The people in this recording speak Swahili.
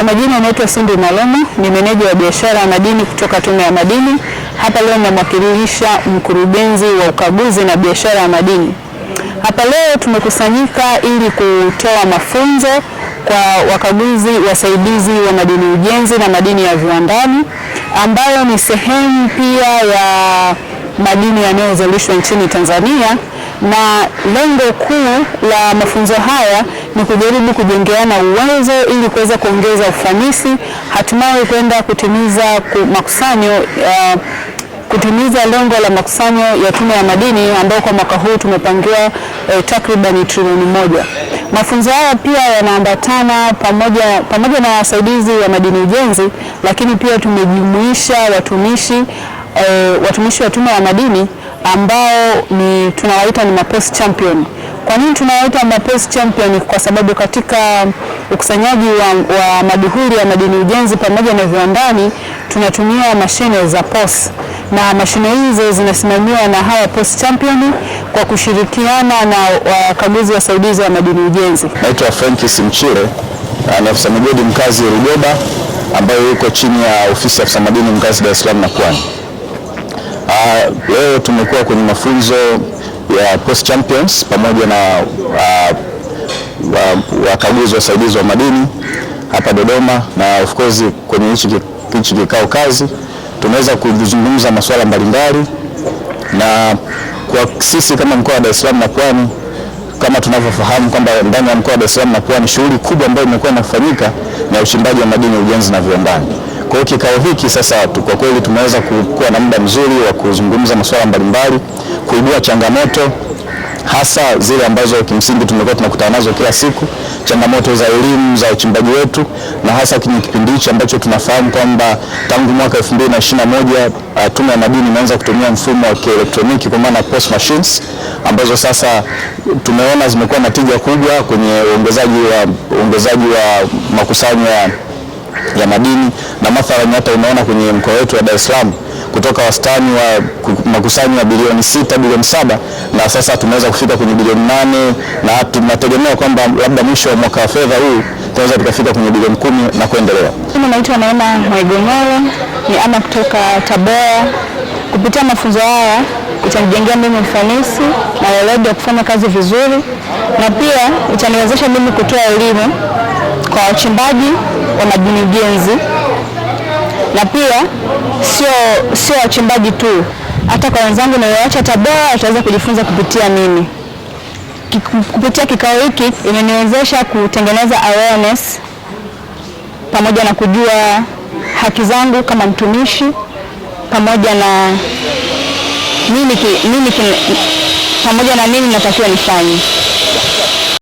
Kwa majina naitwa Sindi Maloma, ni meneja wa biashara ya madini kutoka Tume ya Madini. Hapa leo namwakilisha mkurugenzi wa ukaguzi na biashara ya madini. Hapa leo tumekusanyika ili kutoa mafunzo kwa wakaguzi wasaidizi wa madini ujenzi na madini ya viwandani ambayo ni sehemu pia ya madini yanayozalishwa nchini Tanzania, na lengo kuu la mafunzo haya ni kujaribu kujengeana uwezo ili kuweza kuongeza ufanisi, hatimaye kwenda kutimiza makusanyo uh, kutimiza lengo la makusanyo ya Tume ya Madini ambayo kwa mwaka huu tumepangiwa eh, takribani trilioni moja. Mafunzo haya pia yanaambatana pamoja, pamoja na wasaidizi wa madini ujenzi, lakini pia tumejumuisha watumishi eh, watumishi wa Tume ya Madini ambao ni tunawaita ni mapost champion kwa nini tunawaita mapost champion? Kwa sababu katika ukusanyaji wa, wa maduhuli ya madini ujenzi pamoja na viwandani tunatumia mashine za POS na mashine hizo zinasimamiwa na hawa post champion kwa kushirikiana na wakaguzi wasaidizi wa madini ujenzi. Naitwa Francis Mchire, ni afisa migodi mkazi Rugoba ambayo yuko chini ya ofisi ya afisa madini mkazi Dar es Salaam na Pwani. Ah, leo tumekuwa kwenye mafunzo ya Post Champions pamoja na uh, wakaguzi wa wasaidizi wa madini hapa Dodoma, na of course kwenye hichi kikao kazi tumeweza kuzungumza masuala mbalimbali, na kwa sisi kama mkoa wa Dar es Salaam na Pwani, kama tunavyofahamu kwamba ndani ya mkoa wa Dar es Salaam na Pwani shughuli kubwa ambayo imekuwa inafanyika ni ya uchimbaji wa madini, ujenzi na viwandani. Kwa hiyo kikao hiki sasa, kwa kweli tumeweza kuwa na muda mzuri wa kuzungumza masuala mbalimbali kuibua changamoto hasa zile ambazo kimsingi tumekuwa tunakutana nazo kila siku, changamoto za elimu za uchimbaji wetu, na hasa kwenye kipindi hichi ambacho tunafahamu kwamba tangu mwaka 2021 uh, Tume ya Madini imeanza kutumia mfumo wa kielektroniki kwa maana POS machines ambazo sasa tumeona zimekuwa na tija kubwa kwenye uongezaji wa, uongezaji wa makusanyo ya, ya madini na mathalani hata umeona kwenye mkoa wetu wa Dar es Salaam kutoka wastani wa makusanyo ya bilioni sita bilioni saba na sasa tumeweza kufika kwenye bilioni nane na tunategemea kwamba labda mwisho wa mwaka wa fedha huu tunaweza tukafika kwenye bilioni kumi na kuendelea. Naitwa Neema Mwaigong'olo, ni ama kutoka Tabora. Kupitia mafunzo haya itanijengea mimi ufanisi na weledi wa kufanya kazi vizuri, na pia itaniwezesha mimi kutoa elimu kwa wachimbaji wa madini genzi na pia sio sio wachimbaji tu, hata kwa wenzangu nayoacha Tabora wataweza kujifunza kupitia mimi. Kupitia kikao hiki imeniwezesha kutengeneza awareness pamoja na kujua haki zangu kama mtumishi pamoja na nini, nini, pamoja na nini natakiwa nifanye.